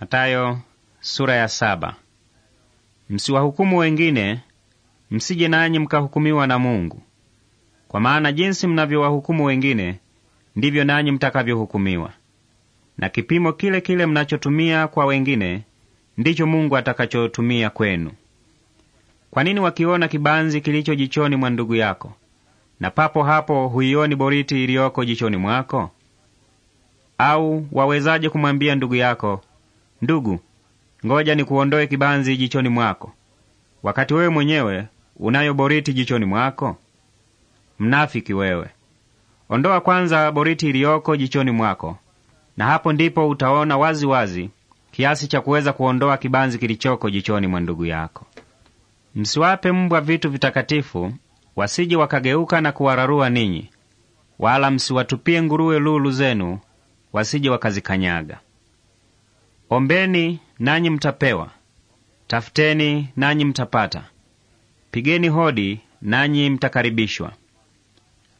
Matayo sura ya saba. Msiwahukumu wengine, msije nanyi mkahukumiwa na Mungu. Kwa maana jinsi mnavyowahukumu wengine, ndivyo nanyi mtakavyohukumiwa, na kipimo kile kile mnachotumia kwa wengine ndicho Mungu atakachotumia kwenu. Kwa nini wakiona kibanzi kilicho jichoni mwa ndugu yako na papo hapo huioni boriti iliyoko jichoni mwako? Au wawezaje kumwambia ndugu yako Ndugu, ngoja nikuondoe kibanzi jichoni mwako, wakati wewe mwenyewe unayo boriti jichoni mwako? Mnafiki wewe! Ondoa kwanza boriti iliyoko jichoni mwako, na hapo ndipo utaona wazi wazi kiasi cha kuweza kuondoa kibanzi kilichoko jichoni mwa ndugu yako. Msiwape mbwa vitu vitakatifu, wasije wakageuka na kuwararua ninyi, wala msiwatupie nguruwe lulu zenu, wasije wakazikanyaga. Ombeni nanyi mtapewa, tafuteni nanyi mtapata, pigeni hodi nanyi mtakaribishwa.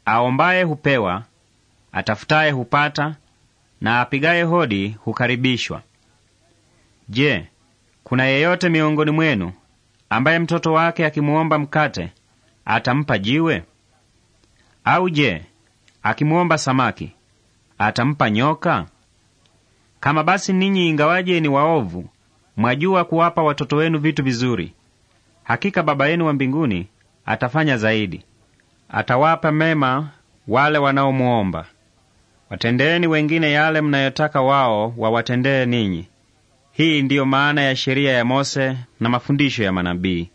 Aombaye hupewa, atafutaye hupata, na apigaye hodi hukaribishwa. Je, kuna yeyote miongoni mwenu ambaye mtoto wake akimuomba mkate atampa jiwe? Au je, akimuomba samaki atampa nyoka? Kama basi ninyi ingawaje ni waovu, mwajua kuwapa watoto wenu vitu vizuri, hakika Baba yenu wa mbinguni atafanya zaidi, atawapa mema wale wanaomwomba. Watendeeni wengine yale mnayotaka wao wawatendee ninyi. Hii ndiyo maana ya sheria ya Mose na mafundisho ya manabii.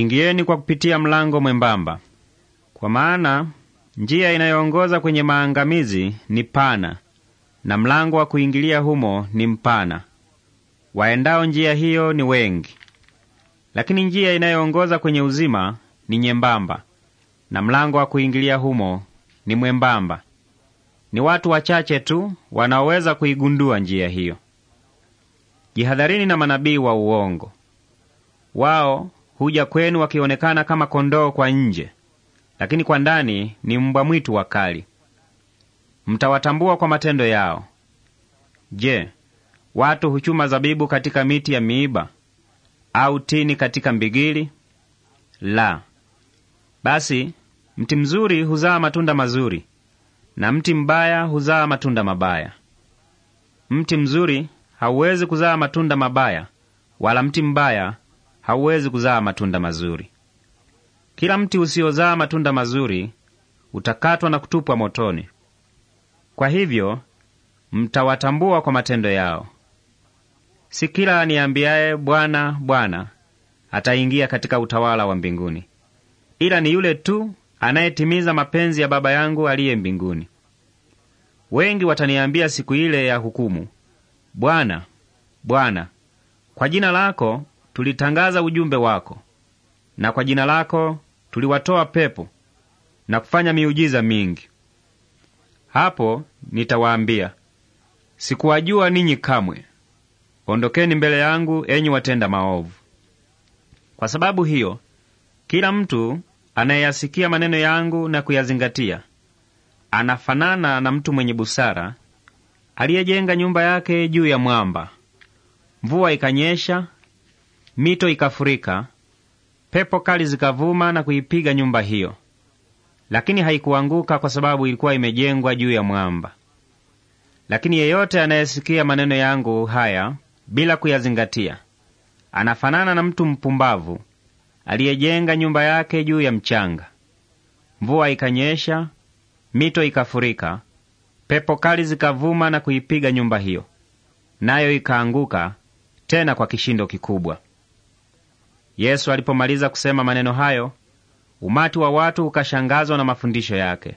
ingieni kwa kupitia mlango mwembamba, kwa maana njia inayoongoza kwenye maangamizi ni pana, na mlango wa kuingilia humo ni mpana; waendao njia hiyo ni wengi. Lakini njia inayoongoza kwenye uzima ni nyembamba, na mlango wa kuingilia humo ni mwembamba. Ni watu wachache tu wanaoweza kuigundua njia hiyo. Jihadharini na manabii wa uongo. Wao huja kwenu wakionekana kama kondoo kwa nje, lakini kwa ndani ni mbwa mwitu wakali. Mtawatambua kwa matendo yao. Je, watu huchuma zabibu katika miti ya miiba au tini katika mbigili? La! Basi mti mzuri huzaa matunda mazuri na mti mbaya huzaa matunda mabaya. Mti mzuri hauwezi kuzaa matunda mabaya, wala mti mbaya hauwezi kuzaa matunda mazuri. Kila mti usiozaa matunda mazuri utakatwa na kutupwa motoni. Kwa hivyo mtawatambua kwa matendo yao. Si kila aniambiaye Bwana, Bwana ataingia katika utawala wa mbinguni, ila ni yule tu anayetimiza mapenzi ya Baba yangu aliye mbinguni. Wengi wataniambia siku ile ya hukumu, Bwana, Bwana, kwa jina lako tulitangaza ujumbe wako, na kwa jina lako tuliwatoa pepo na kufanya miujiza mingi. Hapo nitawaambia, sikuwajua ninyi kamwe, ondokeni mbele yangu, enyi watenda maovu. Kwa sababu hiyo, kila mtu anayeyasikia maneno yangu na kuyazingatia anafanana na mtu mwenye busara aliyejenga nyumba yake juu ya mwamba. Mvua ikanyesha, mito ikafurika, pepo kali zikavuma na kuipiga nyumba hiyo, lakini haikuanguka kwa sababu ilikuwa imejengwa juu ya mwamba. Lakini yeyote anayesikia maneno yangu haya bila kuyazingatia anafanana na mtu mpumbavu aliyejenga nyumba yake juu ya mchanga. Mvua ikanyesha, mito ikafurika, pepo kali zikavuma na kuipiga nyumba hiyo, nayo ikaanguka tena kwa kishindo kikubwa. Yesu alipomaliza kusema maneno hayo, umati wa watu ukashangazwa na mafundisho yake.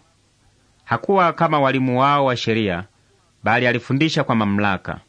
Hakuwa kama walimu wao wa sheria, bali alifundisha kwa mamlaka.